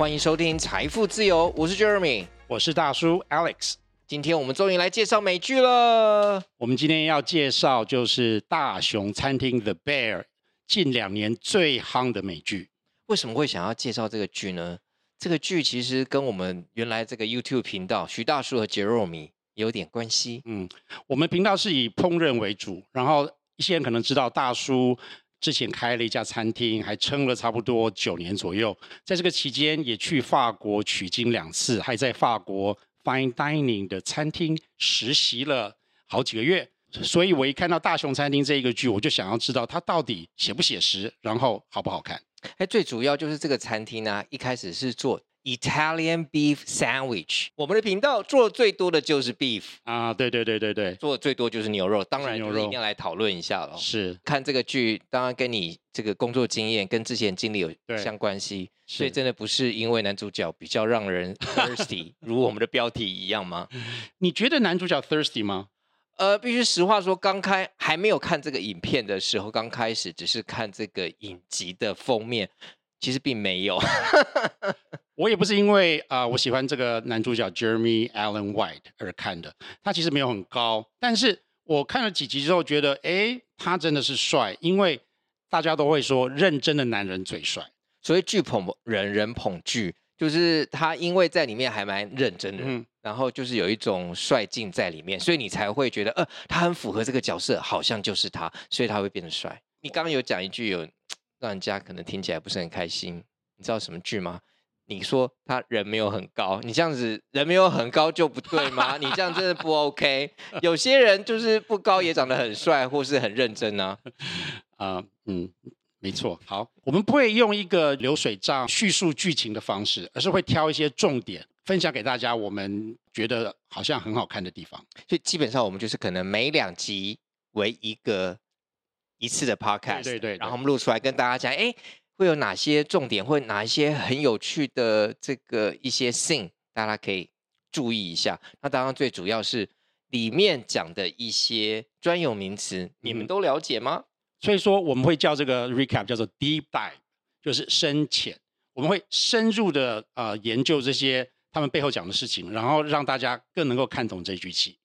歡迎收聽《財父自由》，我是 Jeremy，我是大叔 Alex。今天我們終於來介紹美劇了。我們今天要介紹就是《大熊餐廳》The Bear，近兩年最夯的美劇。為什麼會想要介紹這個劇呢？這個劇其實跟我們原來這個 YouTube 頻道徐大叔和 Jeremy 有點關係。嗯，我們頻道是以烹飪為主，然後一些人可能知道大叔。之前開了一家餐廳，還撐了差不多九年左右。在這個期間，也去法國取經兩次，還在法國 fine dining 的餐廳實習了好幾個月。所以我一看到《大熊餐廳》這一個劇，我就想要知道它到底寫不寫實，然後好不好看。哎、欸，最主要就是這個餐廳呢、啊，一開始是做。Italian beef sandwich。我們的頻道做的最多的就是 beef 啊，uh, 對對對對對，做的最多就是牛肉，當然牛肉一定要來討論一下了。是，看這個劇當然跟你這個工作經驗跟之前經歷有相關係，對所以真的不是因為男主角比較讓人 thirsty， 如我們的標題一樣嗎？ 你覺得男主角 thirsty 嗎？呃，必須實話說，剛開還沒有看這個影片的時候，剛開始只是看這個影集的封面。其實並沒有， 我也不是因為啊、呃，我喜歡這個男主角 Jeremy Allen White 而看的。他其實沒有很高，但是我看了幾集之後，覺得，哎，他真的是帥，因為大家都會說認真的男人最帥，所以劇捧人，人捧劇，就是他因為在裡面還蠻認真的，嗯、然後就是有一種帥勁在裡面，所以你才會覺得，呃，他很符合這個角色，好像就是他，所以他會變得帥。你剛剛有講一句有。讓人家可能聽起來不是很開心，你知道什麼劇嗎？你說他人沒有很高，你這樣子人沒有很高就不對嗎？你這樣真的不 OK。有些人就是不高也長得很帥，或是很認真啊。啊，嗯，沒錯。好，我們不會用一個流水賬敘述劇情的方式，而是會挑一些重點分享給大家。我們覺得好像很好看的地方，所以基本上我們就是可能每兩集為一個。一次的 podcast，對對,對，然後我們錄出來跟大家講，哎，會有哪些重點，會哪一些很有趣的這個一些 thing，大家可以注意一下。那當然最主要是裡面講的一些專有名詞，你們都了解嗎？所以說我們會叫這個 recap 叫做 deep dive，就是深潛。我們會深入的呃研究這些他們背後講的事情，然後讓大家更能夠看懂這句氣。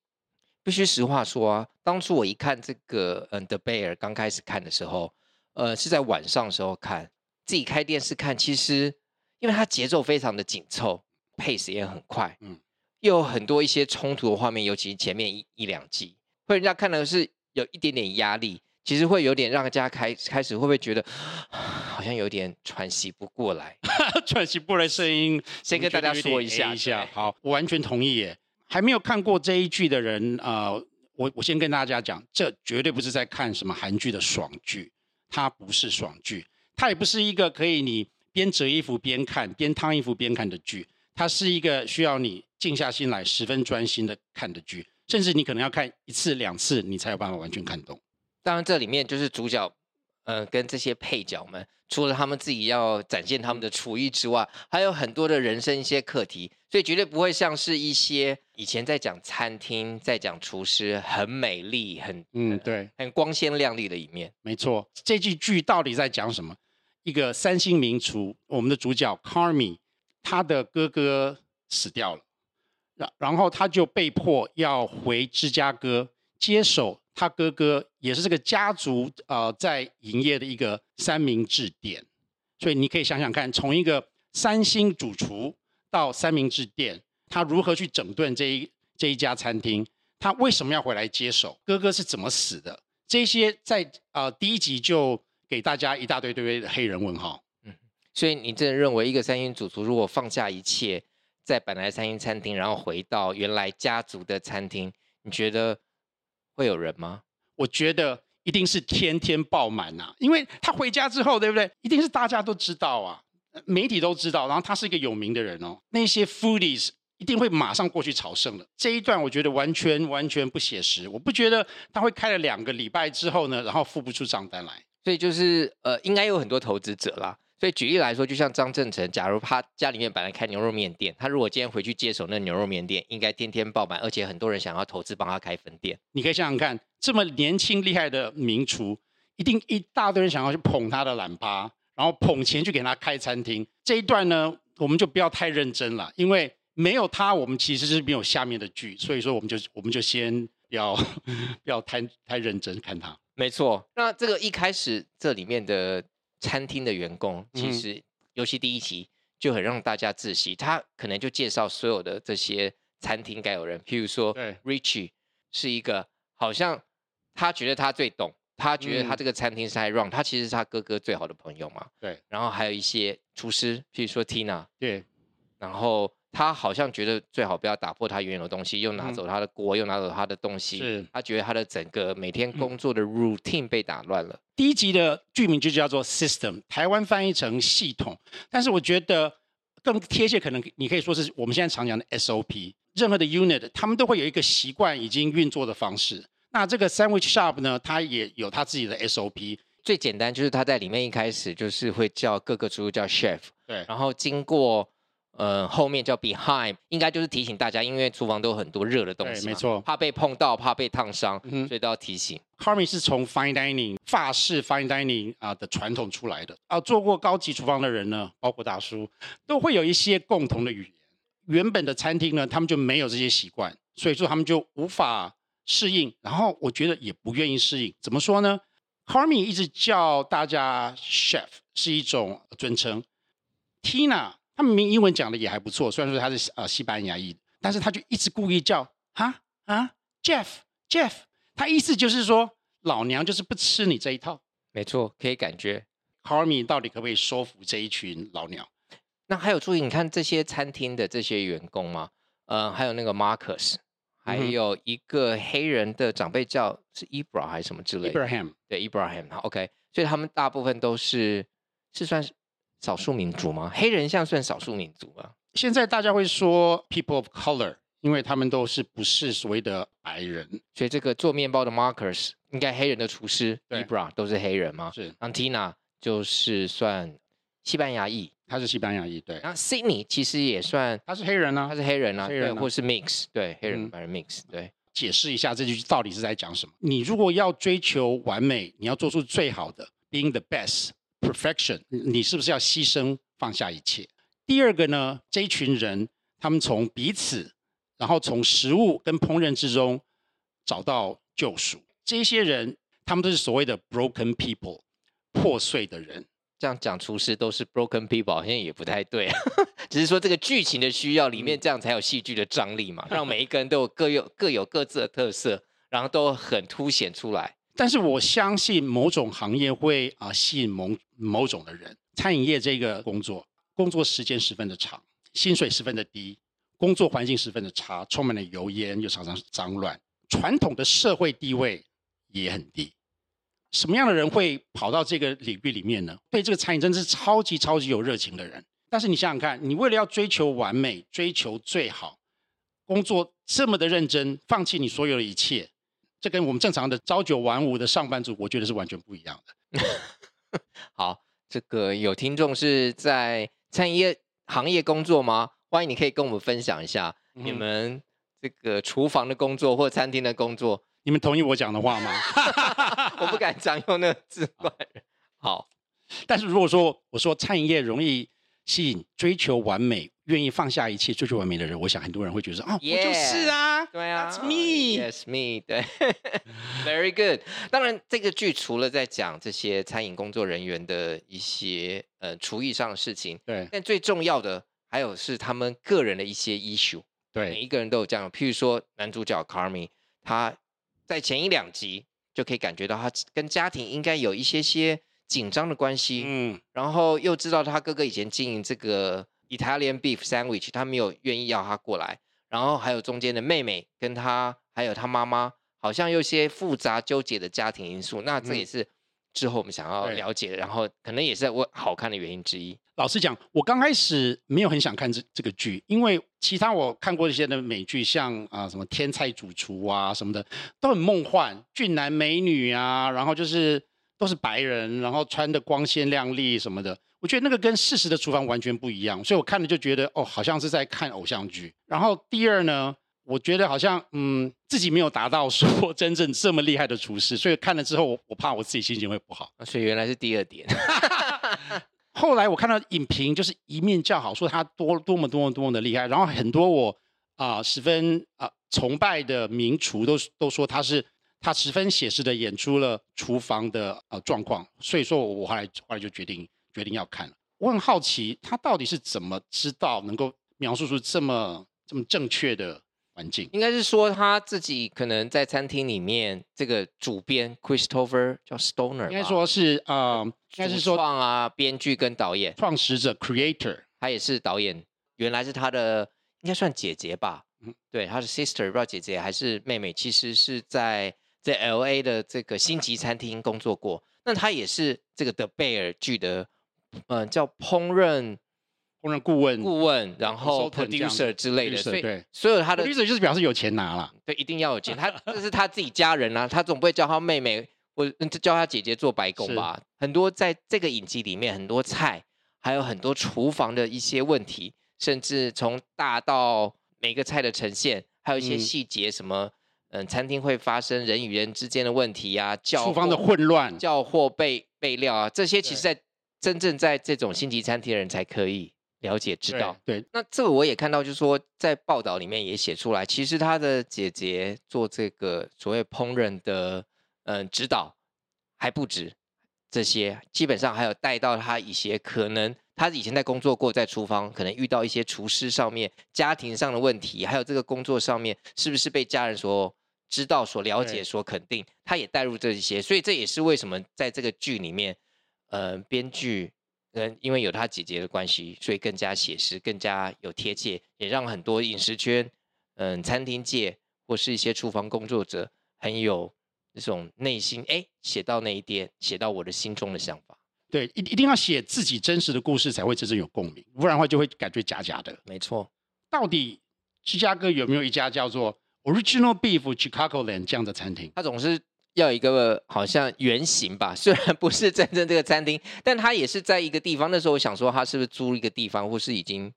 必須實話說啊，當初我一看這個，嗯，《The Bear》剛開始看的時候，呃，是在晚上的時候看，自己開電視看。其實，因為它節奏非常的緊湊，pace 也很快，嗯，又有很多一些衝突的畫面，尤其是前面一一兩集，會讓人家看的是有一點點壓力。其實會有點讓大家開開始會不會覺得好像有點喘息不過來， 喘息不過來聲音。聲音先跟大家說一下，一下好，我完全同意耶。還沒有看過這一劇的人，呃，我我先跟大家講，這絕對不是在看什麼韓劇的爽劇，它不是爽劇，它也不是一個可以你邊折衣服邊看、邊燙衣服邊看的劇，它是一個需要你靜下心來、十分專心的看的劇，甚至你可能要看一次兩次，你才有辦法完全看懂。當然，這裡面就是主角。嗯、呃，跟這些配角們，除了他們自己要展現他們的廚藝之外，還有很多的人生一些課題，所以絕對不會像是一些以前在講餐廳、在講廚師很美麗、很嗯對、呃、很光鮮亮麗的一面。沒錯，這句劇到底在講什麼？一個三星名廚，我們的主角 Carmy 他的哥哥死掉了，然然後他就被迫要回芝加哥接手。他哥哥也是這個家族呃在營業的一個三明治店，所以你可以想想看，從一個三星主廚到三明治店，他如何去整頓這一這一家餐廳？他為什麼要回來接手？哥哥是怎麼死的？這些在呃第一集就給大家一大堆堆的黑人問號。嗯，所以你真的認為一個三星主廚如果放下一切，在本來三星餐廳，然後回到原來家族的餐廳，你覺得？會有人嗎？我覺得一定是天天爆滿啊！因為他回家之後，對不對？一定是大家都知道啊，媒體都知道。然後他是一個有名的人哦，那些 foodies 一定會馬上過去朝聖了。這一段我覺得完全完全不寫實，我不覺得他會開了兩個禮拜之後呢，然後付不出賬單來。所以就是呃，應該有很多投資者啦。所以舉例來說，就像張正成，假如他家裡面本來開牛肉麵店，他如果今天回去接手那牛肉麵店，應該天天爆滿，而且很多人想要投資幫他開分店。你可以想想看，這麼年輕厲害的名廚，一定一大堆人想要去捧他的懶趴，然後捧錢去給他開餐廳。這一段呢，我們就不要太認真了，因為沒有他，我們其實是沒有下面的劇，所以說我們就我們就先不要不要太太認真看他。沒錯，那這個一開始這裡面的。餐廳的員工其實，嗯、尤其第一集就很讓大家窒息。他可能就介紹所有的這些餐廳該有人，譬如說，Richie 對是一個好像他覺得他最懂，他覺得他這個餐廳是太 run，他其實是他哥哥最好的朋友嘛。對。然後還有一些廚師，譬如說 Tina。對。然後。他好像覺得最好不要打破他原有的東西，又拿走他的鍋，嗯、又拿走他的東西。是他覺得他的整個每天工作的 routine 被打亂了。第一集的劇名就叫做 System，台灣翻譯成系統。但是我覺得更貼切，可能你可以說是我們現在常講的 SOP。任何的 unit，他們都會有一個習慣已經運作的方式。那這個 Sandwich Shop 呢，它也有它自己的 SOP。最簡單就是他在裡面一開始就是會叫各個廚師叫 chef。對，然後經過。呃，後面叫 behind，應該就是提醒大家，因為廚房都有很多熱的東西，沒錯，怕被碰到，怕被燙傷，嗯、哼所以都要提醒。Carmy 是從 fine dining、法式 fine dining 啊、呃、的傳統出來的，啊、呃，做過高級廚房的人呢，包括大叔，都會有一些共同的語言。原本的餐廳呢，他們就沒有這些習慣，所以說他們就無法適應，然後我覺得也不願意適應。怎麼說呢？Carmy 一直叫大家 chef，是一種尊稱。Tina。他們英英文講的也還不錯，雖然說他是呃西班牙裔，但是他就一直故意叫啊啊 Jeff Jeff，他意思就是說老娘就是不吃你這一套。沒錯，可以感覺 Carmen 到底可不可以說服這一群老鳥？那還有注意，你看這些餐廳的這些員工嗎？呃，還有那個 Marcus，還有一個黑人的長輩叫,、嗯、哼叫是 Ibra 還是什麼之類的 Ibrahim 對，Ibrahim 好，okay 所以他們大部分都是是算是。少數民族嗎？黑人像算少數民族啊。現在大家會說 people of color，因為他們都是不是所謂的白人。所以這個做麵包的 Marcus 應該黑人的廚師 Ebra 對、e、都是黑人嗎？是。啊 Tina 就是算西班牙裔，他是西班牙裔，對。那 Sydney 其實也算，他是黑人啊，他是黑人啊，黑人啊對，或是 mix，對，黑人、嗯、白人 mix，對。解釋一下這句到底是在講什麼？你如果要追求完美，你要做出最好的，being the best。Perfection，你是不是要犧牲放下一切？第二個呢？這一群人，他們從彼此，然後從食物跟烹飪之中找到救贖。這些人，他們都是所謂的 broken people，破碎的人。這樣講廚師都是 broken people，好像也不太對， 只是說這個劇情的需要，裡面這樣才有戲劇的張力嘛， 讓每一個人都有各有各有各自的特色，然後都很凸顯出來。但是我相信某種行業會啊吸引某某種的人。餐飲業這個工作，工作時間十分的長，薪水十分的低，工作環境十分的差，充滿了油煙又常常髒亂，傳統的社會地位也很低。什麼樣的人會跑到這個領域裡面呢？對這個餐飲真的是超級超級有熱情的人。但是你想想看，你為了要追求完美，追求最好，工作這麼的認真，放棄你所有的一切。這跟我們正常的朝九晚五的上班族，我覺得是完全不一樣的。 好，這個有聽眾是在餐飲業行業工作嗎？歡迎你可以跟我們分享一下你們這個廚房的工作或餐廳的工作。嗯、你們同意我講的話嗎？ 我不敢講，用那個字怪人。好， 好，但是如果說我說餐飲業容易吸引追求完美。願意放下一切追求完美的人，我想很多人會覺得哦，啊，Yeah, 我就是啊，對啊，That's me 對 ，Very good。當然，這個劇除了在講這些餐飲工作人員的一些呃廚藝上的事情，對，但最重要的還有是他們個人的一些 issue。對，每一個人都有這樣。譬如說，男主角 Karmi，他在前一兩集就可以感覺到他跟家庭應該有一些些緊張的關係。嗯，然後又知道他哥哥以前經營這個。Italian beef sandwich，他沒有願意要他過來，然後還有中間的妹妹跟他，還有他媽媽，好像有些複雜糾結的家庭因素，那這也是之後我們想要了解的。嗯、然後可能也是我好看的原因之一。老實講，我剛開始沒有很想看這這個劇，因為其他我看過一些的美劇，像啊、呃、什麼天菜主廚啊什麼的，都很夢幻，俊男美女啊，然後就是都是白人，然後穿的光鮮亮麗什麼的。我覺得那個跟事實的廚房完全不一樣，所以我看了就覺得哦，好像是在看偶像劇。然後第二呢，我覺得好像嗯自己沒有達到說真正這麼厲害的廚師，所以看了之後我我怕我自己心情會不好。所以原來是第二點。 後來我看到影評就是一面叫好，說他多多麼多麼多麼的厲害，然後很多我啊、呃、十分啊、呃、崇拜的名廚都都說他是他十分寫實的演出了廚房的呃狀況，所以說我後來後來就決定。決定要看了，我很好奇他到底是怎麼知道能夠描述出這麼這麼正確的環境？應該是說他自己可能在餐廳裡面，這個主編 Christopher 叫 Stoner，應該說是、呃、啊，應該是說創啊編劇跟導演、創始者，創始者 Creator，他也是導演，原來是他的應該算姐姐吧？嗯、對，他是 sister，不知道姐姐還是妹妹。其實是在在 LA 的這個星級餐廳工作過，那他也是這個 The Bear 劇的。嗯，叫烹飪烹飪顧問顧問，然後 producer 之類的，對，所以所有他的就是表示有錢拿了，對，一定要有錢。他這、就是他自己家人啊，他總不會叫他妹妹，我、嗯、叫他姐姐做白工吧？是很多在這個影集裡面，很多菜，還有很多廚房的一些問題，甚至從大到每個菜的呈現，還有一些細節，嗯、什麼嗯，餐廳會發生人與人之間的問題啊，叫廚房的混亂，叫貨備備料啊，這些其實在。真正在這種星級餐廳的人才可以了解知道。對，對那這我也看到，就是說在報道裡面也寫出來。其實他的姐姐做這個所謂烹飪的，嗯，指導還不止這些，基本上還有帶到他一些可能，他以前在工作過，在廚房可能遇到一些廚師上面家庭上的問題，還有這個工作上面是不是被家人所知道、所了解、所肯定，對他也帶入這一些。所以這也是為什麼在這個劇裡面。嗯，編劇、呃，跟因為有他姐姐的關係，所以更加寫實，更加有貼切，也讓很多飲食圈，嗯、呃，餐廳界或是一些廚房工作者，很有那種內心，哎、欸，寫到那一點，寫到我的心中的想法。對，一一定要寫自己真實的故事，才會真正有共鳴，不然的話就會感覺假假的。沒錯錯。到底芝加哥有沒有一家叫做 Original Beef of Chicago Land 這樣的餐廳？他總是。要有一個好像原型吧，雖然不是真正這個餐廳，但他也是在一個地方。那時候我想說，他是不是租一個地方，或是已經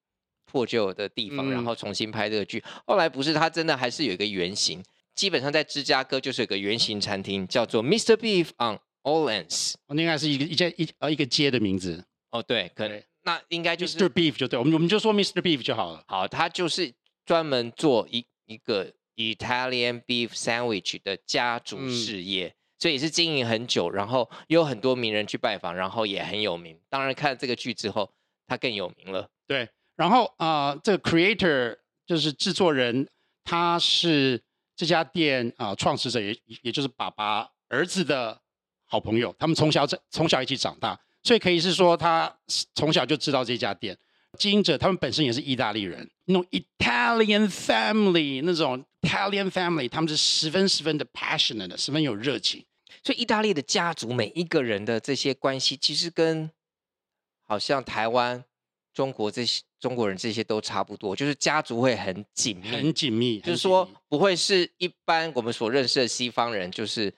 破舊的地方，嗯、然後重新拍這個劇？後來不是，他真的還是有一個原型，基本上在芝加哥就是有個原型餐廳，叫做 Mister Beef on Orleans，我應該是一個一家一呃一個街的名字。哦，對，可能對那應該就是 Mr. Beef，就對我們我們就說 Mr. Beef 就好了。好，他就是專門做一一個。Italian beef sandwich 的家族事業，嗯、所以也是經營很久，然後也有很多名人去拜訪，然後也很有名。當然，看了這個劇之後，他更有名了。對，然後啊、呃，這個 creator 就是製作人，他是這家店啊、呃、創始者也，也也就是爸爸兒子的好朋友，他們從小在從小一起長大，所以可以是說他從小就知道這家店。經營者他們本身也是意大利人，那種 Italian family 那種。Italian family，他們是十分十分的 passionate 的，十分有熱情。所以，意大利的家族每一個人的這些關係，其實跟好像台灣、中國這些中國人這些都差不多，就是家族會很緊密，很緊密。緊密就是說，不會是一般我們所認識的西方人，就是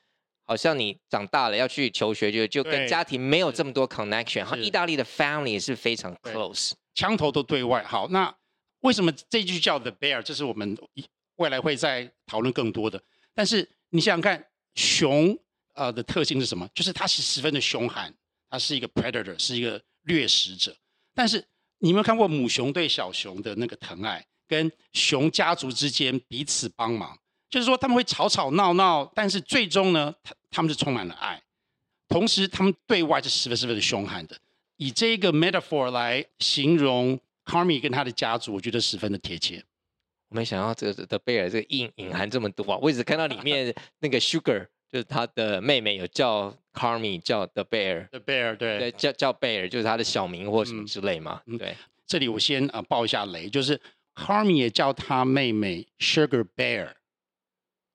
好像你長大了要去求學，就就跟家庭沒有這麼多 connection。然後意大利的 family 是非常 close，槍頭都對外。好，那為什麼這句叫 The Bear？這是我們一。未來會再討論更多的，但是你想想看，熊呃的特性是什麼？就是它是十分的兇悍，它是一個 predator，是一個掠食者。但是你有沒有看過母熊對小熊的那個疼愛，跟熊家族之間彼此幫忙？就是說他們會吵吵鬧鬧，但是最終呢，他，他們是充滿了愛，同時他們對外是十分十分的兇悍的。以這個 metaphor 來形容 Carmy 跟他的家族，我覺得十分的貼切。我沒想到這個 The Bear 這個隱隱含這麼多啊！我一直看到裡面那個 Sugar 就是他的妹妹，有叫 Carmy，叫 The Bear，The Bear 對，對，叫叫 Bear 就是他的小名或什麼之類嘛。嗯嗯、對，這裡我先啊爆一下雷，就是 Carmy 也叫他妹妹 Sugar Bear。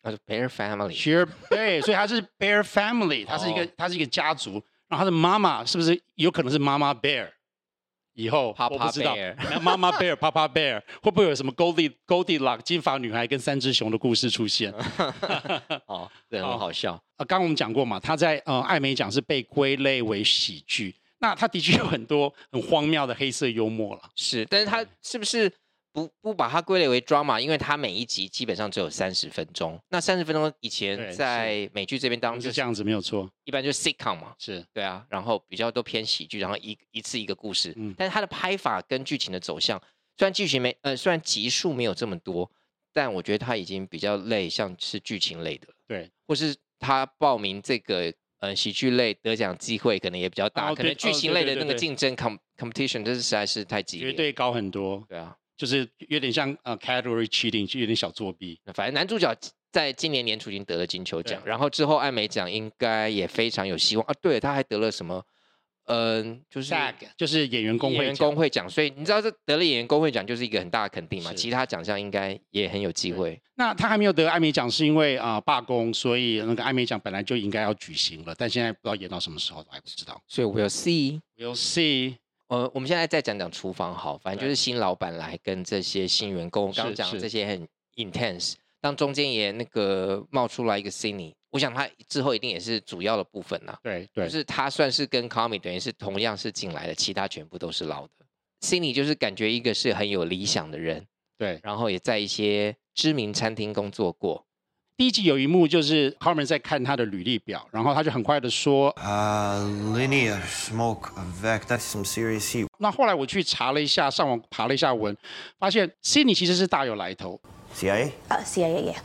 她是、oh, Bear Family，Sugar Bear 所以他是 Bear Family， 他是一個她是一個家族。然後他的媽媽是不是有可能是媽媽 Bear？以後我不知道媽媽 Bear、爸爸 Bear 會不會有什麼 Goldie Goldilocks 金髮女孩跟三隻熊的故事出現？好、 哦、對，很、哦、好，好笑。呃，剛剛我們講過嘛，他在呃艾美獎是被歸類為喜劇，那他的確有很多很荒謬的黑色幽默了。是，但是他是不是？不不把它歸類為 drama，因為它每一集基本上只有三十分鐘。那三十分鐘以前在美劇這邊當中、就是、是,是這樣子，沒有錯，一般就是 sitcom 嘛，是對啊。然後比較都偏喜劇，然後一一次一個故事。嗯。但是它的拍法跟劇情的走向，雖然劇情沒呃雖然集數沒有這麼多，但我覺得它已經比較累，像是劇情類的對。或是他報名這個呃喜劇類得獎機會可能也比較大，哦、可能劇情類的那個競爭 competition 真是實在是太激烈，絕對高很多。對啊。就是有點像呃，category cheating，就有點小作弊。反正男主角在今年年初已經得了金球獎，對然後之後艾美獎應該也非常有希望啊。對，他還得了什麼？嗯、呃，就是 Jack. 就是演員工會演員工會獎。嗯、所以你知道，這得了演員工會獎就是一個很大的肯定嘛。是其他獎項應該也很有機會。那他還沒有得艾美獎，是因為啊、呃、罷工，所以那個艾美獎本來就應該要舉行了，但現在不知道演到什麼時候都還不知道。所以、so、we'll see，we'll see。呃，我們現在再講講廚房好，反正就是新老闆來跟這些新員工，對剛剛講這些很 intense，當中間也那個冒出來一個 Sydney，我想他之後一定也是主要的部分呐、啊。對，就是他算是跟 Carmy 等於是同樣是進來的，其他全部都是老的。Sydney 就是感覺一個是很有理想的人，對，然後也在一些知名餐廳工作過。第一集有一幕就是 Carmen 在看他的履歷表，然後他就很快的說：“呃、uh,，linear smoke a vec that's some serious heat。”那後來我去查了一下，上網爬了一下文，發現 Sydney 其實是大有來頭。CIA 啊、uh,，CIA、yeah.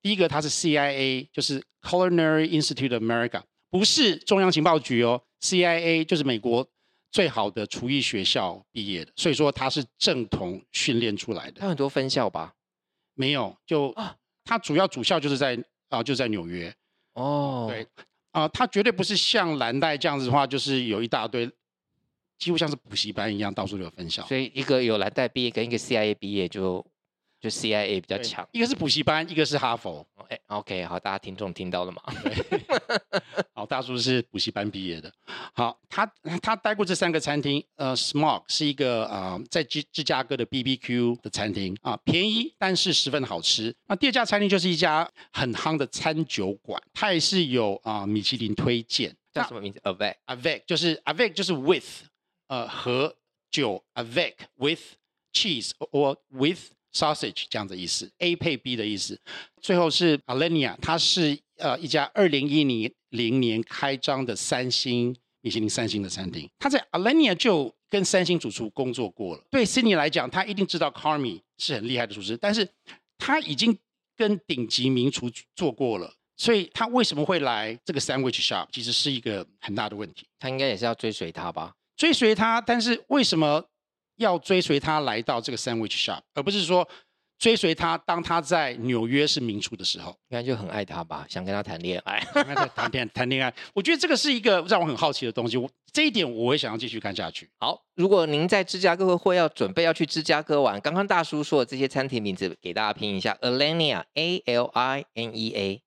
第一個他是 CIA，就是 Culinary Institute of America，不是中央情報局哦，CIA 就是美國最好的廚藝學校畢業的，所以說他是正統訓練出來的。他有很多分校吧？沒有，就。啊它主要主校就是在啊、呃，就在紐約。哦，oh. 對，啊、呃，它絕對不是像藍帶這樣子的話，就是有一大堆，幾乎像是補習班一樣，到處都有分校。所以，一個有藍帶畢業，跟一個 CIA 畢業就。就 CIA 比較強，一個是補習班，一個是哈佛。OK OK，好，大家聽眾聽到了嗎？對 好，大叔是補習班畢業的。好，他他待過這三個餐廳。呃、uh,，Smog 是一個啊，uh, 在芝芝加哥的 BBQ 的餐廳啊，uh, 便宜但是十分好吃。那第二家餐廳就是一家很夯的餐酒館，它也是有啊、uh, 米其林推薦。叫什麼名字？Avec，Avec 就是 Avec 就是 with 呃、uh, 和酒 Avec with cheese or with sausage 這樣的意思，A 配 B 的意思。最後是 Alinea 它是呃一家二零一零零年開張的三星，米其林三星的餐廳。他在 Alinea 就跟三星主廚工作過了。對 Sydney 來講，他一定知道 Carmy 是很厲害的廚師，但是他已經跟頂級名廚做過了，所以他為什麼會來這個 sandwich shop？其實是一個很大的問題。他應該也是要追隨他吧？追隨他，但是為什麼？要追隨他來到這個 sandwich shop，而不是說追隨他當他在紐約是名廚的時候，應該就很愛他吧，想跟他談戀愛，跟他談戀談戀愛。我覺得這個是一個讓我很好奇的東西，我這一點我也想要繼續看下去。好，如果您在芝加哥會要準備要去芝加哥玩，剛剛大叔說的這些餐廳名字給大家拼一下 Alinea A L I N E A，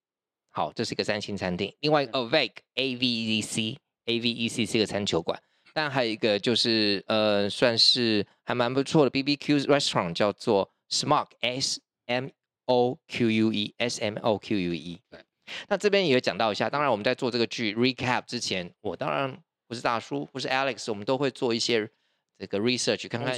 好，這是一個三星餐廳。另外一個 Avec A V E C A V E C 是一個餐酒館。但還有一個就是，呃，算是還蠻不錯的 BBQ restaurant，叫做 Smoque, S M O Q U E S M O Q U E。對，那這邊也有講到一下。當然，我們在做這個劇 recap 之前，我當然不是大叔，不是 Alex，我們都會做一些這個 research，看看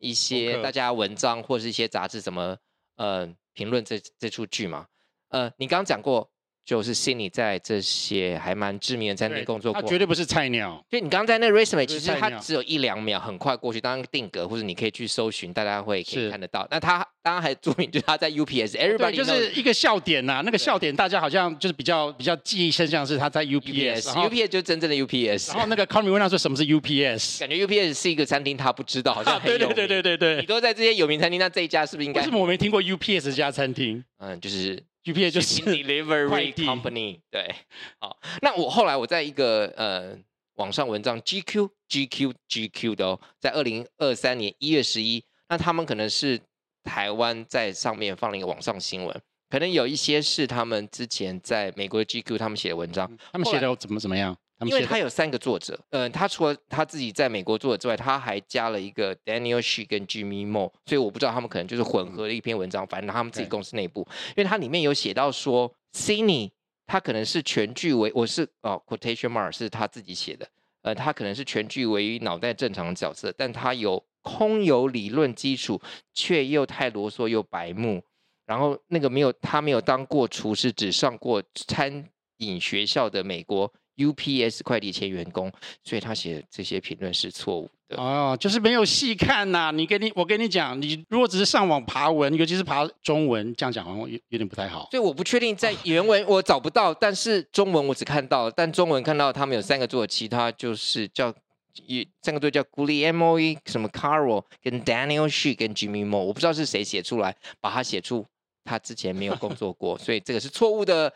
一些大家文章或是一些雜誌怎麼呃評論這這出劇嘛。呃，你剛剛講過。就是心裡在這些還蠻知名的餐廳工作過，他絕對不是菜鳥。就你剛剛在那 resume，其實他只有一兩秒，很快過去，當定格，或者你可以去搜尋，大家會可以看得到。那他當然還註明，就是他在 U P S，Everybody 就，就是一個笑點吶、啊，那個笑點、啊、對 大家好像就是比較比較記憶深，像是他在 U P S，U P S，U PS 就真正的 U P S。然後那個康米問他說什麼是 U P S，對 感覺 U P S 是一個餐廳，他不知道，好像很有名。對對對對對你都在這些有名餐廳，那這一家是不是應該？啊、為什麼我沒聽過 U P S 這家餐廳？嗯，就是。G P A 就是 Delivery Company 對，好。那我後來我在一個呃網上文章 G Q G Q G Q 的哦，在二零二三年一月十一，那他們可能是台灣在上面放了一個網上新聞，可能有一些是他們之前在美國的 G Q 他們寫的文章，他們寫的怎麼怎麼樣？因為他有三個作者，嗯、呃，他除了他自己在美國作者之外，他還加了一個 Daniel She、e、跟 Jimmy Moore，所以我不知道他們可能就是混合了一篇文章，反正他們自己公司內部，對因為它裡面有寫到說 Sydney，他可能是全劇為我是哦 Quotation Mark 是他自己寫的，呃，他可能是全劇唯一腦袋正常的角色，但他有空有理論基礎，卻又太囉嗦又白目，然後那個沒有他沒有當過廚師，只上過餐飲學校的美國 UPS 快遞前員工，所以他寫這些評論是錯誤的。哦，就是沒有細看吶、啊。你跟你，我跟你講，你如果只是上網爬文，尤其是爬中文，這樣講好像有有點不太好。所以我不確定在原文我找不到， 但是中文我只看到了，但中文看到他們有三個做，其他就是叫也三個隊叫 Gulie Moe、什麼 Carol 跟 Daniel Shea, 跟 Jimmy Moe，、e, 我不知道是誰寫出來把他寫出他之前沒有工作過， 所以這個是錯誤的，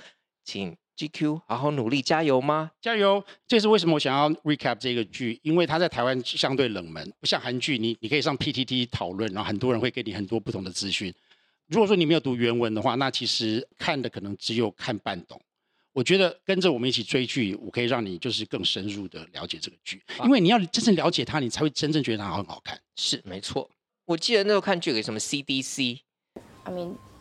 請。GQ，好好努力，加油嗎？加油！這是為什麼我想要 recap 這個劇，因為它在台灣相對冷門，不像韓劇，你你可以上 PTT 討論，然後很多人會給你很多不同的資訊。如果說你沒有讀原文的話，那其實看的可能只有看半懂。我覺得跟着我們一起追劇，我可以讓你就是更深入的了解這個劇，吧因為你要真正了解它，你才會真正覺得它很好看。是沒錯，我記得那時候看劇有給什麼 CDC，I mean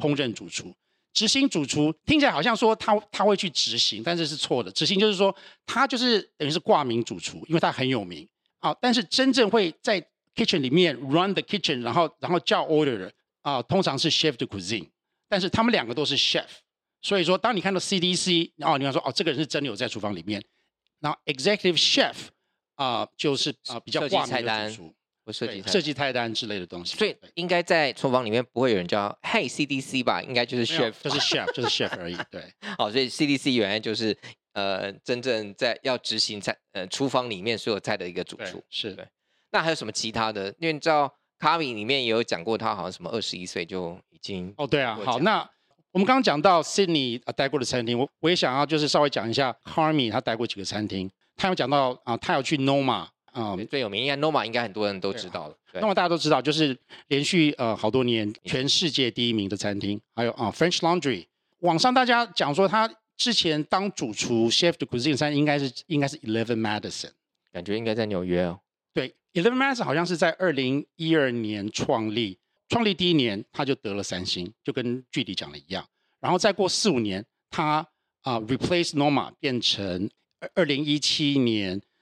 烹飪主廚、執行主廚聽起來好像說他他會去執行，但是是錯的。執行就是說他就是等於是掛名主廚，因為他很有名啊。但是真正會在 kitchen 裡面 run the kitchen，然後然後叫 order 啊，通常是 chef de cuisine。但是他們兩個都是 chef，所以說當你看到 CDC，然後、啊、你會說哦、啊、這個人是真的有在廚房裡面，那 executive chef 啊就是啊比較掛名的主廚。設計設計菜單之類的東西，所以應該在廚房裡面不會有人叫對 Hey CDC 吧？應該就是 Chef，就是 Chef， 就是 Chef 而已。對，好，所以 CDC 原來就是呃，真正在要執行在呃廚房裡面所有菜的一個主廚。對是的，那還有什麼其他的？因為你知道卡米裡面也有講過，他好像什麼二十一歲就已經哦，對啊，好，講那我們剛剛講到 Sydney 啊、呃、待、呃、過的餐廳，我我也想要就是稍微講一下 Carmy 他待過幾個餐廳。他有講到啊、呃，他要去 Noma。啊、嗯，最有名應該 Noma 應該很多人都知道了。Noma 大家都知道，就是連續呃好多年全世界第一名的餐廳。還有啊，French Laundry，網上大家講說他之前當主廚 Chef de cuisine，應該是應該是 Eleven Madison。感覺應該在紐約哦。對，Eleven Madison 好像是在二零一二年創立，創立第一年他就得了三星，就跟劇裡講的一樣。然後再過四五年，他啊、呃、replace Noma 變成二零一七年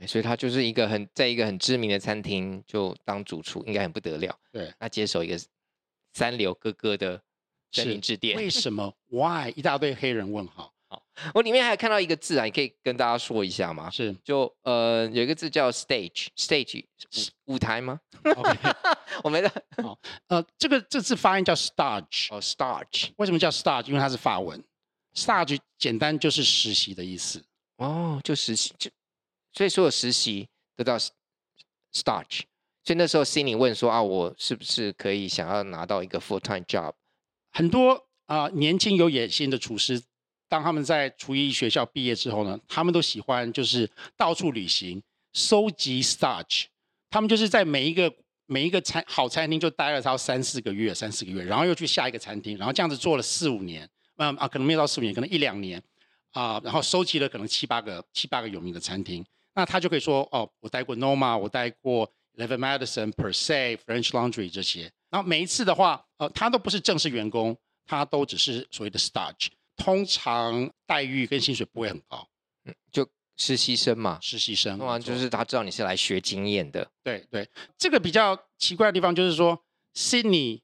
Okay, 所以他就是一個很在一個很知名的餐廳就當主廚，應該很不得了。對，那接手一個三流哥哥的三明治店，為什麼？Why？一大堆黑人問號。好，我裡面還有看到一個字啊，你可以跟大家說一下嗎？是，就呃有一個字叫 stage，stage stage, 舞台嗎？我沒的、呃。這個這個、字發音叫 starch。哦，starch。為什麼叫 starch？因為它是法文。starch，簡單就是實習的意思。哦，就實習就。所以所有實習得到 starch，所以那時候心裡問說啊，我是不是可以想要拿到一個 full time job？很多啊、呃、年輕有野心的廚師，當他們在廚藝學校畢業之後呢，他們都喜歡就是到處旅行，收集 starch。他們就是在每一個每一個餐好餐廳就待了差不多三四個月，三四個月，然後又去下一個餐廳，然後這樣子做了四五年，嗯，啊可能沒有到四五年，可能一兩年啊、呃，然後收集了可能七八個七八個有名的餐廳。那他就可以說哦，我待過 Noma，我待過 Eleven Madison Per Se，French Laundry 這些。然後每一次的話，呃，他都不是正式員工，他都只是所謂的 stage。通常待遇跟薪水不會很高，嗯、就實習生嘛。實習生啊，就是他知道你是來學經驗的。對對，這個比較奇怪的地方就是說，Sydney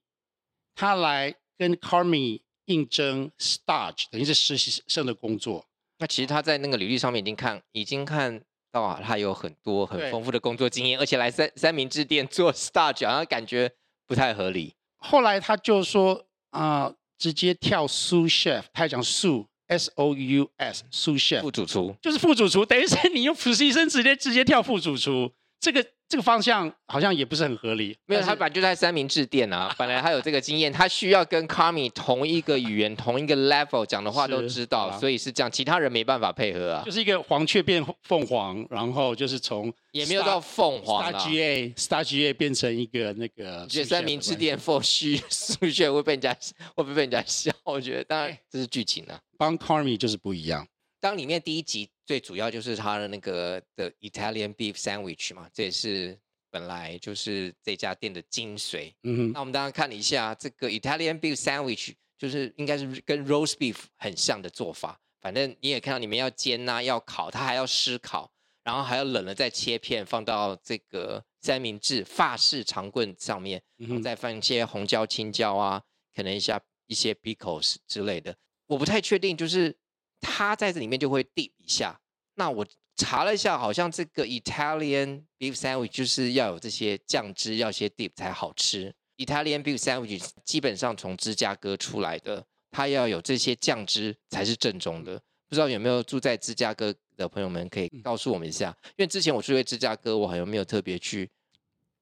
他來跟 Carmy 應徵 stage，等於是實習生的工作。那其實他在那個履歷上面已經看，已經看。啊，他有很多很豐富的工作經驗，對而且來三三明治店做 stage，感覺不太合理。後來他就說啊、呃，直接跳 sous chef，他講 sous s o u s sous chef 副主廚，就是副主廚，等於是你用實習生直接直接跳副主廚。這個這個方向好像也不是很合理。是沒有，他本來就在三明治店啊， 本來他有這個經驗，他需要跟卡米同一個語言、 同一個 level 講的話都知道，啊、所以是這樣，其他人沒辦法配合啊。就是一個黃雀變鳳凰，然後就是從也沒有到鳳凰。Stage A Stage A 變成一個那個。三明治店 for 需，數學會被人家會被人家笑，我覺得當然這是劇情啊。幫卡米就是不一樣。當裡面第一集最主要就是它的那個的 Italian beef sandwich 嘛，這也是本來就是這家店的精髓。嗯哼，那我們剛剛看了一下這個 Italian beef sandwich，就是應該是跟 roast beef 很像的做法。反正你也看到，你們要煎吶、啊，要烤，它還要濕烤，然後還要冷了再切片，放到這個三明治法式長棍上面，然後再放一些紅椒、青椒啊，可能一下一些 pickles 之類的。我不太確定，就是。他在這裡面就會 dip 一下。那我查了一下，好像這個 Italian beef sandwich 就是要有這些醬汁，要些 dip 才好吃。Italian beef sandwich 基本上從芝加哥出來的，它要有這些醬汁才是正宗的。嗯、不知道有沒有住在芝加哥的朋友們可以告訴我們一下？嗯、因為之前我去芝加哥，我好像沒有特別去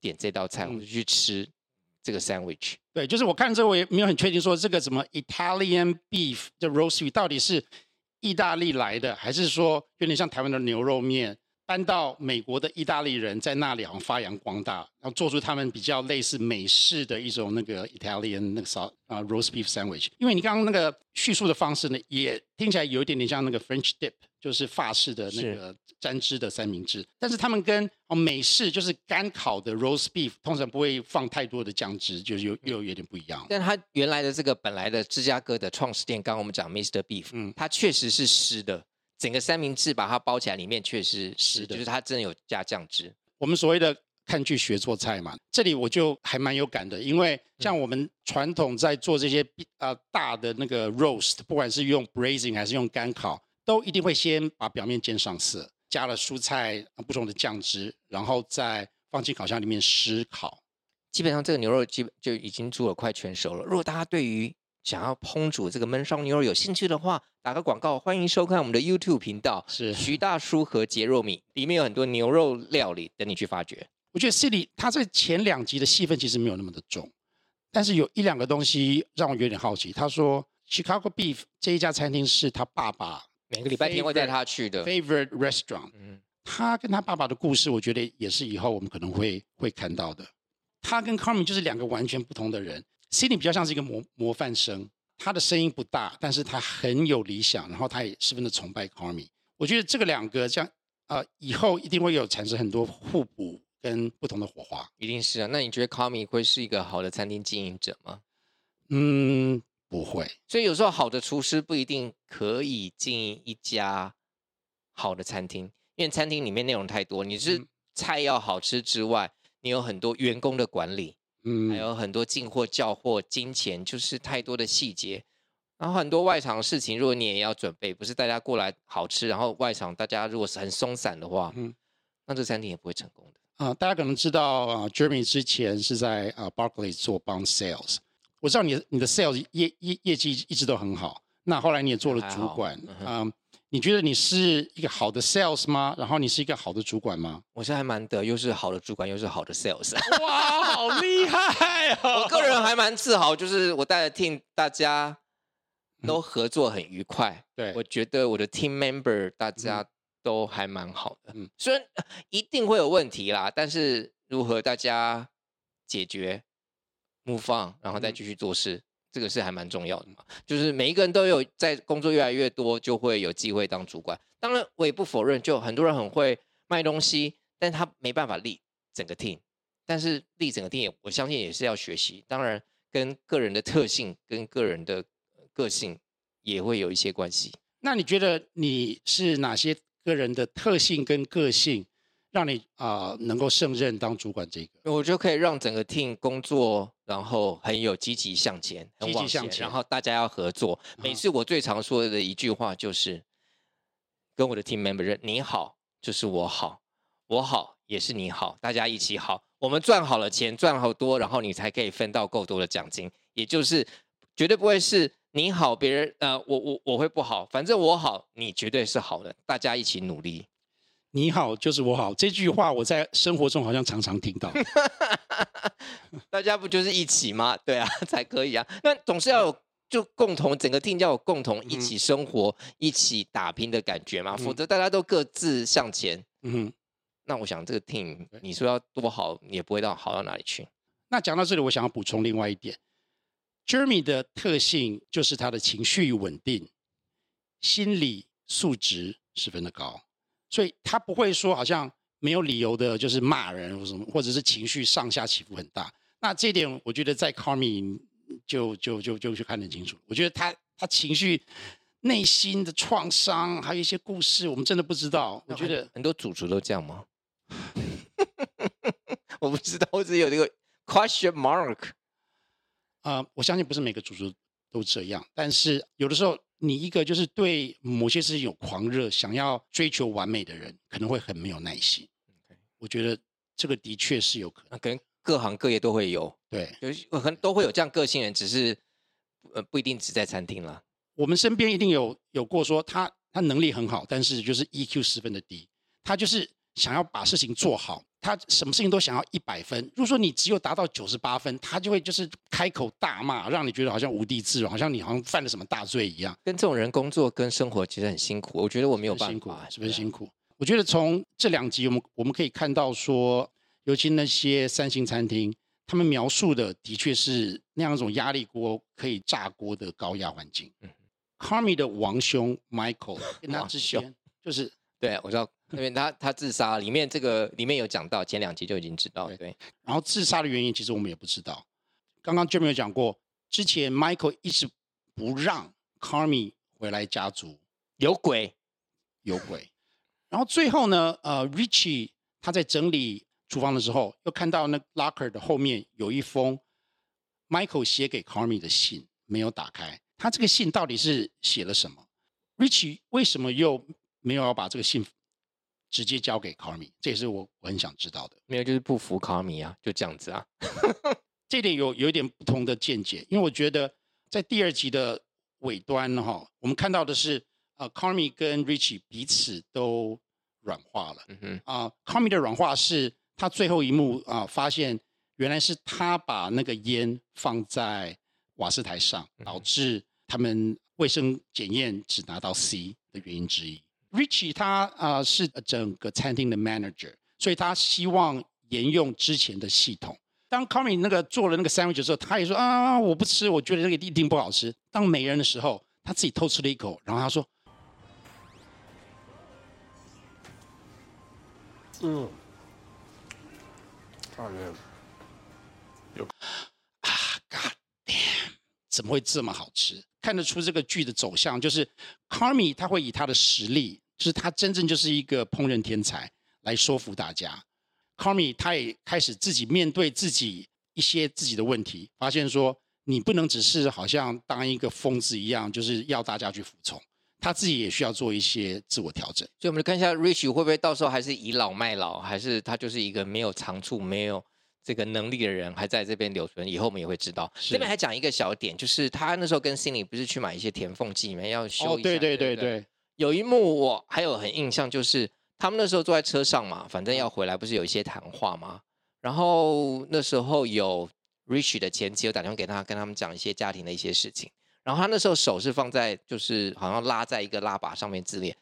點這道菜，我就去吃這個 sandwich。對，就是我看這我也沒有很確定說這個什麼 Italian beef 的 roast 到底是。意大利來的，還是說有點像台灣的牛肉麵？搬到美國的意大利人在那裡好像發揚光大，然後做出他們比較類似美式的一種那個 Italian 那個啥啊，Roast Beef Sandwich。因為你剛剛那個敘述的方式呢，也聽起來有一點點像那個 French Dip，就是法式的那個沾汁的三明治。是但是他們跟哦美式就是乾烤的 Roast Beef 通常不會放太多的醬汁，就是又、嗯、又有點不一樣。但他原來的這個本來的芝加哥的創始店，剛剛我們講 Mr. Beef, 嗯，它確實是濕的。整個三明治把它包起來，裡面確實是濕的，就是它真的有加醬汁。我們所謂的看劇學做菜嘛，這裡我就還蠻有感的，因為像我們傳統在做這些呃大的那個 roast，不管是用 braising 還是用乾烤，都一定會先把表面煎上色，加了蔬菜不同的醬汁，然後再放進烤箱裡面濕烤。嗯、基本上這個牛肉基本就已經煮了快全熟了。如果大家對於想要烹煮這個燜燒牛肉，有興趣的話打個廣告，歡迎收看我們的 YouTube 頻道，是徐大叔和杰肉米，裡面有很多牛肉料理等你去發掘。我覺得 C i t y 他在前兩集的戲份其實沒有那麼的重，但是有一兩個東西讓我有點好奇。他說 Chicago Beef 這一家餐廳是他爸爸每個禮拜天會帶他去的 favorite restaurant。嗯，他跟他爸爸的故事，我覺得也是以後我們可能會會看到的。他跟康 n 就是兩個完全不同的人。心裡比較像是一個模模範生，他的聲音不大，但是他很有理想，然後他也十分的崇拜 Carmy。我覺得這個兩個像，啊、呃，以後一定會有產生很多互補跟不同的火花，一定是啊。那你覺得 Carmy 會是一個好的餐廳經營者嗎？嗯，不會。所以有時候好的廚師不一定可以經營一家好的餐廳，因為餐廳裡面內容太多。你是菜要好吃之外，你有很多員工的管理。嗯，還有很多進貨、叫貨、金錢，就是太多的細節。然後很多外場的事情，如果你也要準備，不是大家過來好吃，然後外場大家如果是很鬆散的話，嗯，那這個餐廳也不會成功的。啊、呃，大家可能知道啊、呃、，Jeremy 之前是在啊、呃、Barclays 做 bond Sales，我知道你的你的 Sales 業業業績一直都很好，那後來你也做了主管，嗯。呃你覺得你是一個好的 sales 嗎？然後你是一個好的主管嗎？我現在還蠻得，又是好的主管，又是好的 sales。 哇，好厲害哦！我個人還蠻自豪，就是我帶的 team 大家都合作很愉快。對、嗯，我覺得我的 team member 大家都還蠻好的。嗯，雖然一定會有問題啦，但是如何大家解決，Move on，然後再繼續做事。嗯這個是還蠻重要的嘛，就是每一個人都有在工作越來越多，就會有機會當主管。當然，我也不否認，就很多人很會賣東西，但他沒辦法立整個 team。但是立整個 team，我相信也是要學習。當然，跟個人的特性跟個人的個性也會有一些關係。那你覺得你是哪些個人的特性跟個性，讓你啊、呃、能夠勝任當主管這個？我就可以讓整個 team 工作。然後很有積極向前，很積極向前，然後大家要合作。每次我最常說的一句話就是，嗯、跟我的 team member，你好就是我好，我好也是你好，大家一起好。我們賺好了錢，賺好多，然後你才可以分到夠多的獎金。也就是絕對不會是你好別人，呃，我我我會不好，反正我好，你絕對是好的。大家一起努力。你好，就是我好這句話，我在生活中好像常常聽到。 大家不就是一起嗎？對啊，才可以啊。那總是要有就共同整個 team 要有共同一起生活、嗯、一起打拼的感覺嘛，嗯、否則大家都各自向前。嗯哼，那我想這個 team 你說要多好，你對也不會到好到哪裡去。那講到這裡，我想要補充另外一點，Jeremy 的特性就是他的情緒穩定，心理素質十分的高。所以他不會說好像沒有理由的，就是罵人或什麼，或者是情緒上下起伏很大。那這一點我覺得在 Carmy 就就就就看得清楚。我覺得他他情緒內心的創傷，還有一些故事，我們真的不知道。還我覺得很多主廚都這樣嗎？ 我不知道，我只有這個 question mark 啊、呃。我相信不是每個主廚都這樣，但是有的時候。你一個就是對某些事情有狂熱，想要追求完美的人，可能會很沒有耐心。Okay. 我覺得這個的確是有可能，啊、可能各行各業都會有，對，可能都會有這樣個性的人，只是呃不一定只在餐廳啦。我們身邊一定有有過說他他能力很好，但是就是 EQ 十分的低，他就是想要把事情做好。嗯他什麼事情都想要一百分，如果說你只有達到九十八分，他就會就是開口大罵，讓你覺得好像無地自容，好像你好像犯了什麼大罪一樣。跟這種人工作跟生活其實很辛苦，我覺得我沒有辦法。很辛苦啊，對是不是辛苦？我覺得從這兩集我們我們可以看到說，尤其那些三星餐廳，他們描述的的確是那樣一種壓力鍋可以炸鍋的高壓環境。嗯 Carmy 的亡兄 Michael 跟他之間， 就是。對，我知道，因為他他自殺，裡面這個裡面有講到，前兩集就已經知道了。對,對，然後自殺的原因其實我們也不知道，剛剛 Jimmy 有講過。之前 Michael 一直不讓 Carmy 回來家族，有鬼，有鬼。然後最後呢，呃，Richie 他在整理廚房的時候，又看到那 locker 的後面有一封 Michael 寫給 Carmy 的信，沒有打開。他這個信到底是寫了什麼？Richie 為什麼又？沒有要把這個信直接交給卡米，這也是我我很想知道的。沒有就是不服卡米啊，就這樣子啊， 這點有有一點不同的見解，因為我覺得在第二集的尾端哈、哦，我們看到的是呃卡米跟 Richie 彼此都軟化了。嗯哼啊，卡米、呃、的軟化是他最後一幕啊、呃，發現原來是他把那個煙放在瓦斯台上，導致他們衛生檢驗只拿到 C 的原因之一。Richie 他啊是整個餐廳的 manager，所以他希望沿用之前的系統。當 Carmen 那個做了那個三明治的時候，他也說啊，我不吃，我覺得那個一定不好吃。當沒人的時候，他自己偷吃了一口，然後他說：“嗯，討厭，有啊，God damn，怎麼會這麼好吃？”看得出這個劇的走向，就是 Carmy 他會以他的實力，就是他真正就是一個烹飪天才來說服大家。Carmy 他也開始自己面對自己一些自己的問題，發現說你不能只是好像當一個瘋子一樣，就是要大家去服從，他自己也需要做一些自我調整。所以我們就看一下 Richie 會不會到時候還是倚老賣老，還是他就是一個沒有長處沒有。這個能力的人還在這邊留存，以後我們也會知道。是這邊還講一個小點，就是他那時候跟 Sydney 不是去買一些填縫劑，你們要修一下。哦、對對對，對，對，對，對，對，有一幕我還有很印象，就是他們那時候坐在車上嘛，反正要回來不是有一些談話嗎？然後那時候有 Rich 的前妻有打電話給他，跟他們講一些家庭的一些事情。然後他那時候手是放在，就是好像拉在一個拉把上面自戀。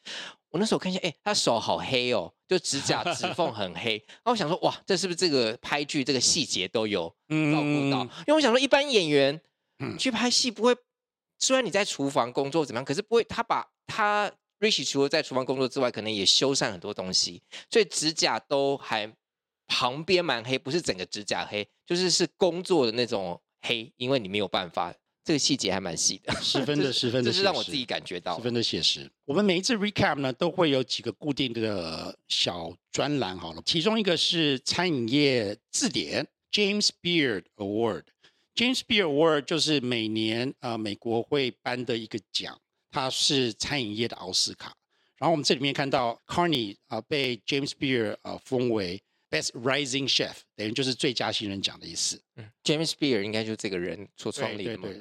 我那時候看一下，哎，他手好黑哦。就指甲、指縫很黑， 然後我想說，哇，這是不是這個拍劇這個細節都有照顧到？嗯，因為我想說，一般演員去拍戲不會，雖然你在廚房工作怎麼樣，可是不會。他把他 Richie，除了在廚房工作之外，可能也修繕很多東西，所以指甲都還旁邊蠻黑，不是整個指甲黑，就是是工作的那種黑，因為你沒有辦法。這個細節還蠻細的，十分的十分的這是讓我自己感覺到十分的寫實。我們每一次 recap 呢，都會有幾個固定的小專欄，好了，其中一個是餐飲業字典 James Beard Award。James Beard Award 就是每年、呃、美國會頒的一個獎，它是餐飲業的奧斯卡。然後我們這裡面看到 Carney 啊、呃、被 James Beard 啊、呃、封為。Best Rising Chef 等於就是最佳新人獎的意思。James Beard 應該就是這個人出創立的。對，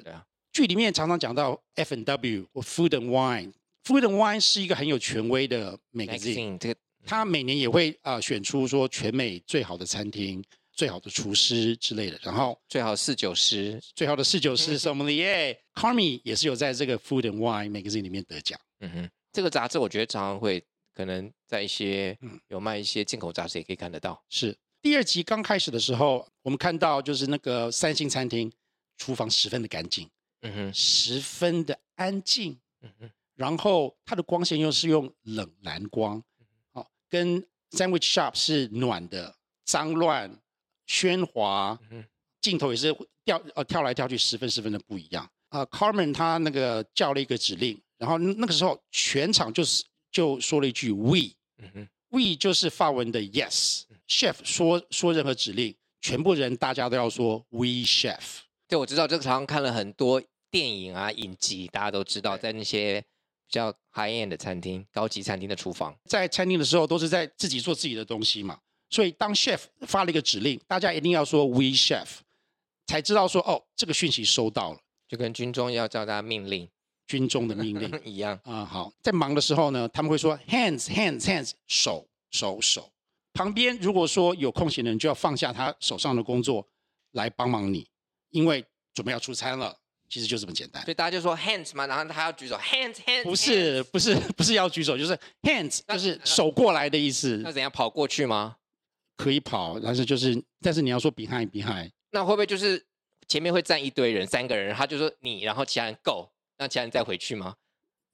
劇裡面常常講到 F and W 或 Food and Wine，Food and Wine 是一個很有權威的 magazine，他 mag、這個、每年也會啊、呃、選出說全美最好的餐廳、最好的廚師之類的。然後最好，最好的侍酒師，最好的侍酒師是我們的耶 Carmy 也是有在這個 Food and Wine magazine 裡面得獎。嗯哼，這個雜誌我覺得常常會。可能在一些有賣一些進口雜誌也可以看得到。是第二集剛開始的時候，我們看到就是那個三星餐廳，廚房十分的乾淨，嗯哼，十分的安靜，嗯哼，然後它的光線又是用冷藍光，嗯哼啊、跟 Sandwich Shop 是暖的、髒亂喧嘩，嗯、哼，鏡頭也是跳呃跳來跳去，十分十分的不一樣。啊、呃、Carmen 他那個叫了一個指令，然後那個時候全場就是。就說了一句 “we”，“we” We 就是法文的 “yes”。Chef 說，說任何指令，全部人大家都要說 “We chef”。這我知道，這個常常看了很多電影啊、影集，大家都知道，在那些比較 high end 的餐廳、高級餐廳的廚房，在餐廳的時候都是在自己做自己的東西嘛。所以當 Chef 發了一個指令，大家一定要說 “We chef”，才知道說哦，這個訊息收到了，就跟軍中要叫大家命令，軍中的命令、嗯、一樣啊、嗯，好，在忙的時候呢，他們會說 hands hands hands，手手手。旁邊如果說有空閒的人，就要放下他手上的工作來幫忙你，因為準備要出餐了，其實就這麼簡單。所以大家就說 hands 嘛，然後他要舉手 hands hands hands，不是不是不是要舉手，就是 hands，那，就是手過來的意思。那，那，那，那怎樣跑過去嗎？可以跑，但是就是，但是你要說 behind behind，那會不會就是前面會站一堆人，三個人，他就說你，然後其他人 go。那其他人再回去嗎？哦、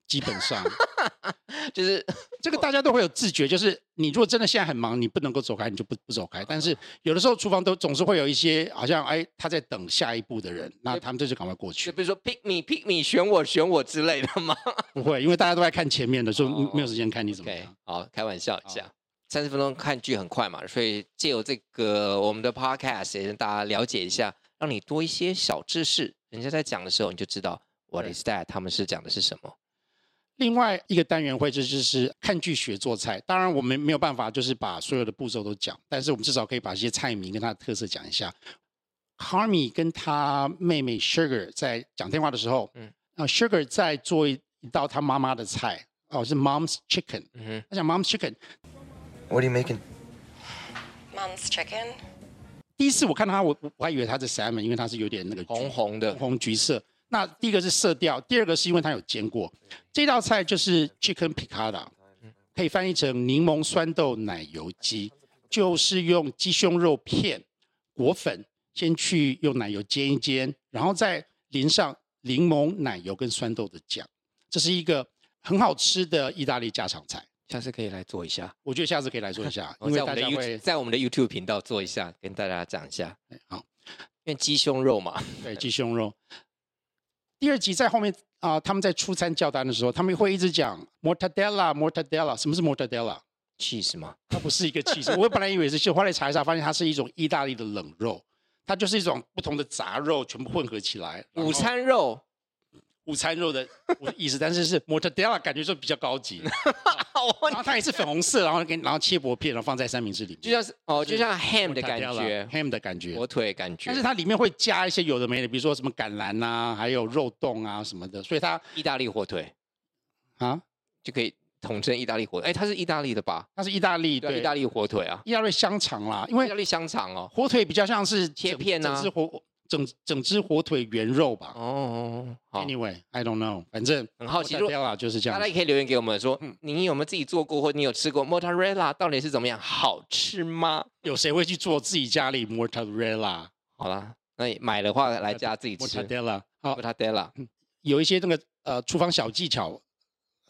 基本上 就是這個，大家都會有自覺。 就是你如果真的現在很忙，你不能夠走開，你就不不走開。哦、但是有的時候廚房都總是會有一些好像哎他在等下一步的人，以那他們就就趕快過去。比如說 me, pick me，pick me，選我，選我之類的嗎？不會，因為大家都在看前面的，所以、哦、沒有時間看你怎麼樣。Okay, 好，開玩笑一下，三十、哦、分鐘看劇很快嘛，所以借由這個我們的 Podcast，也讓大家了解一下，讓你多一些小知識。人家在講的時候，你就知道。What is that？Mm. 他們是講的是什麼？另外一個單元會就是看劇學做菜。當然我們沒有辦法，就是把所有的步驟都講，但是我們至少可以把這些菜名跟它的特色講一下。Carmy，mm hmm. 跟他妹妹 Sugar 在講電話的時候，嗯，啊，Sugar 在做一道他媽媽的菜，哦，是 Mom's Chicken。嗯哼，mm，hmm. 他講 Mom's Chicken。What are you making？Mom's Chicken。第一次我看到他，我我還以為他是 salmon，因為他是有點那個紅紅的紅、紅橘色。那第一個是色調，第二個是因為它有煎過。對。這道菜就是 Chicken Piccata，嗯，可以翻譯成檸檬酸豆奶油雞，就是用雞胸肉片裹粉，先去用奶油煎一煎，然後再淋上檸檬奶油跟酸豆的醬。這是一個很好吃的意大利家常菜，下次可以來做一下。我覺得下次可以來做一下，呵呵，因為大家會在我們的 YouTube YouTube 頻道做一下，跟大家講一下。好，因為雞胸肉嘛，對，雞胸肉。第二集在後面啊、呃，他們在出餐叫單的時候，他們會一直講 mortadella，mortadella，什麼是 mortadella？cheese 嗎？它不是一個 cheese， 我本來以為是，後來查一查，發現它是一種意大利的冷肉，它就是一種不同的雜肉，全部混合起來，午餐肉。午餐肉的我的意思，但是是 Mortadella 感覺就比較高級。然後它也是粉紅色，然後給然後切薄片，然後放在三明治裡面，就像是哦，就像 ham 的感覺，ham 的感覺，火腿感覺。但是它裡面會加一些有的沒的，比如說什麼橄欖啊，還有肉凍啊什麼的，所以它意大利火腿啊就可以統稱意大利火腿。誒，它是意大利的吧？它是意大利，對，意大利火腿啊，意大利香腸啦，因為意大利香腸哦，火腿比較像是切片啊。整整隻火腿原肉吧。哦，Anyway，I don't know，反正很好奇。莫塔雷拉就是這樣。大家也可以留言給我們說，嗯，你有沒有自己做過，或你有吃過 Mortadella 到底是怎麼樣，好吃嗎？有誰會去做自己家裡莫塔雷拉？好啦，那你買的話來家自己吃。莫塔雷拉。好，莫塔雷拉。嗯，有一些這個呃廚房小技巧，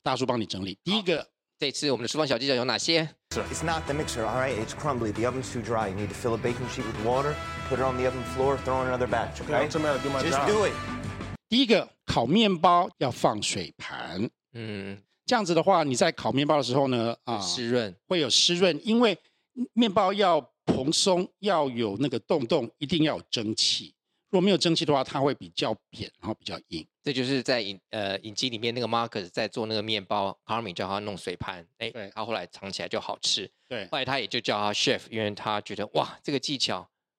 大叔幫你整理。第一個，這次我們的廚房小技巧有哪些？It's not the mixer. All right, it's crumbly. The oven's too dry. You need to fill a baking sheet with water. 第一個烤麵包要放水盤，嗯，這樣子的話，你在烤麵包的時候呢，啊、呃，濕潤潤會有濕潤，因為麵包要蓬鬆，要有那個洞洞，一定要有蒸汽。如果沒有蒸汽的話，它會比較扁，然後比較硬。這就是在呃影呃影集裡面那個 Marcus 在做那個麵包 Carmy 叫他弄水盤，哎對、欸，他後來藏起來就好吃。對，後來他也就叫他 Chef，因為他覺得哇，這個技巧。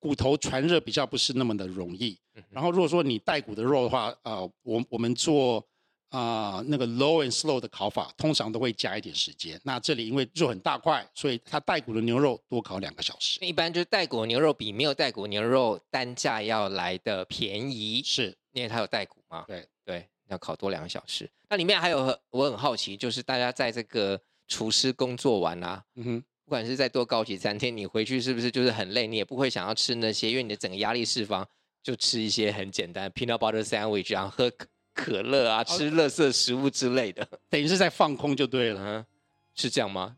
骨頭傳熱比較不是那麼的容易，然後如果說你帶骨的肉的話，呃，我我們做啊、呃、那個 low and slow 的烤法，通常都會加一點時間。那這裡因為肉很大塊，所以它帶骨的牛肉多烤兩個小時。一般就是帶骨牛肉比沒有帶骨牛肉單價要來的便宜，是因為它有帶骨嘛？對對，要烤多兩個小時。那裡面還有很，我很好奇，就是大家在這個廚師工作完啦、啊。嗯哼不管是在多高級餐廳，你回去是不是就是很累？你也不會想要吃那些，因為你的整個壓力釋放。就吃一些很簡單的 peanut butter sandwich，啊，喝可樂啊，吃垃圾食物之類的，等於是在放空就對了，uh huh. 是這樣嗎？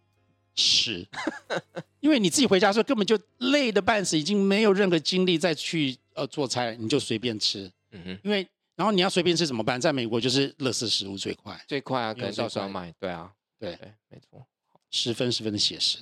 吃是， 因為你自己回家的時候根本就累的半死，已經沒有任何精力再去呃做菜，你就隨便吃，嗯哼，因為然後你要隨便吃怎麼辦？在美國就是垃圾食物最快，最快啊，可能到時候要買，快對啊，對對，對，沒錯，十分十分的寫實。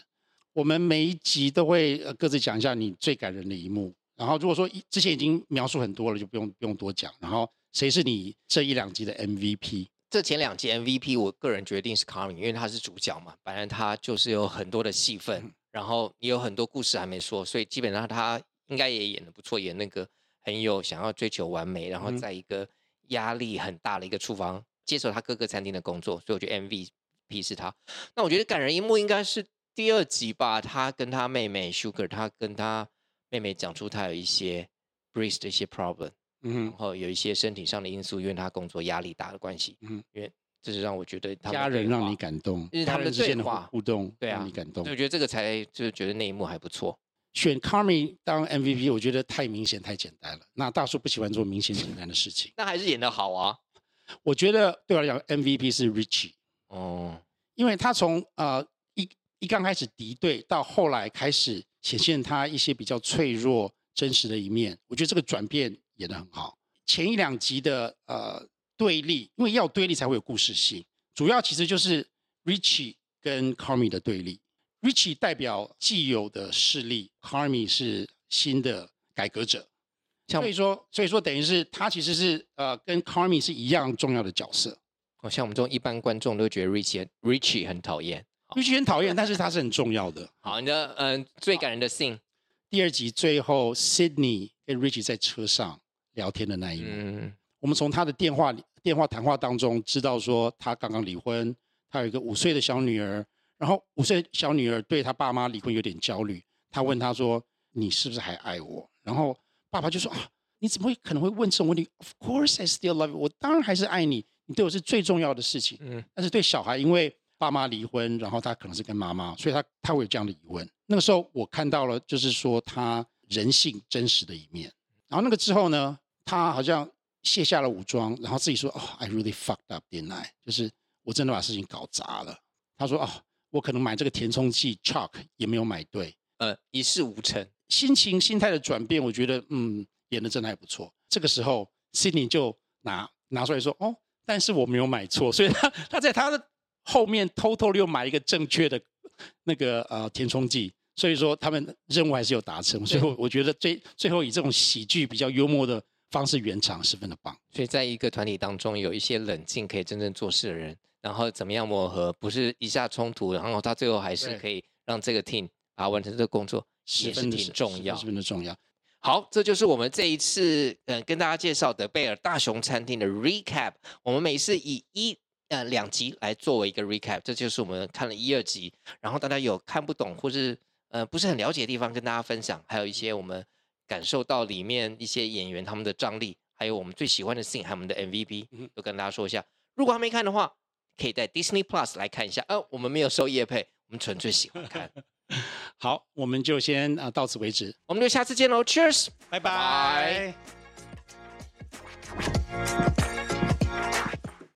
我們每一集都會呃各自講一下你最感人的一幕，然後如果說之前已經描述很多了，就不用不用多講。然後誰是你這一兩集的 MVP？這前兩集 MVP，我個人決定是 Carmen，因為他是主角嘛，反正他就是有很多的戲份，然後也有很多故事還沒說，所以基本上他應該也演的不錯，演那個很有想要追求完美，然後在一個壓力很大的一個廚房接受他哥哥餐廳的工作，所以我覺得 MVP 是他。那我覺得感人一幕應該是。第二集吧，他跟他妹妹 Sugar，他跟他妹妹講出他有一些 breast 的一些 problem，嗯哼，然後有一些身體上的因素，因為他工作壓力大的關係，嗯哼，因為這是讓我覺得他家人讓你感動，因為他們的對話的互動，對啊，讓我感動。我覺得這個才就是覺得那一幕還不錯。選 Carmy 當 MVP，我覺得太明顯太簡單了。那大叔不喜歡做明顯簡單的事情。 那還是演得好啊，我覺得對我來講 MVP 是 Richie 哦、嗯，因為他從呃。一剛開始敵對，到後來開始顯現他一些比較脆弱、真實的一面。我覺得這個轉變演得很好。前一兩集的呃對立，因為要對立才會有故事性。主要其實就是 Richie 跟 Carmy 的對立。Richie 代表既有的勢力，Carmy 是新的改革者。像所以說，所以說等於是他其實是呃跟 Carmy 是一樣重要的角色。像我們這種一般觀眾都覺得 Richie Richie 很討厭。Richie 很討厭，但是他是很重要的。好的，你的嗯最感人的信，第二集最後 Sydney 跟 Richie 在車上聊天的那一幕。嗯。我們從他的電話電話談話當中知道說他剛剛離婚，他有一個五歲的小女兒，然後五歲小女兒對他爸媽離婚有點焦慮。他問他說：“嗯、你是不是還愛我？”然後爸爸就說：“啊，你怎麼會可能會問這種問題？Of course I still love you。我當然還是愛你，你對我是最重要的事情。嗯。但是對小孩，因為……爸媽離婚，然後他可能是跟媽媽，所以他他會有這樣的疑問。那個時候我看到了，就是說他人性真實的一面。然後那個之後呢，他好像卸下了武裝，然後自己說：“哦，I really fucked up tonight，就是我真的把事情搞砸了。”他說：“哦，我可能買這個填充劑 chalk 也沒有買對，呃，一事無成。”心情、心態的轉變，我覺得嗯，演得真的還不錯。這個時候，Sydney 就拿拿出來說：“哦，但是我沒有買錯，所以他他在他的。”後面偷偷又買一個正確的那個呃填充劑，所以說他們任務還是有達成。所以我覺得最最後以這種喜劇比較幽默的方式圓場，十分的棒。所以，在一個團體當中，有一些冷靜可以真正做事的人，然後怎麼樣磨合，不是一下衝突，然後他最後還是可以讓這個 team 啊完成這個工作，十分的重，十分的重要。好，這就是我們這一次嗯、呃、跟大家介紹的貝爾大熊餐廳的 recap。我們每次以一。呃、兩集來作為一個 recap，這就是我們看了一二集，然後大家有看不懂或是，呃、不是很了解的地方，跟大家分享，還有一些我們感受到裡面一些演員他們的張力，還有我們最喜歡的 scene 還有我們的 MVP，嗯、哼都跟大家說一下。如果還沒看的話，可以在 Disney Plus 來看一下。呃，我們沒有收業配，我們純粹喜歡看。 好，我們就先啊、呃、到此為止，我們就下次見嘍，Cheers，拜拜 bye。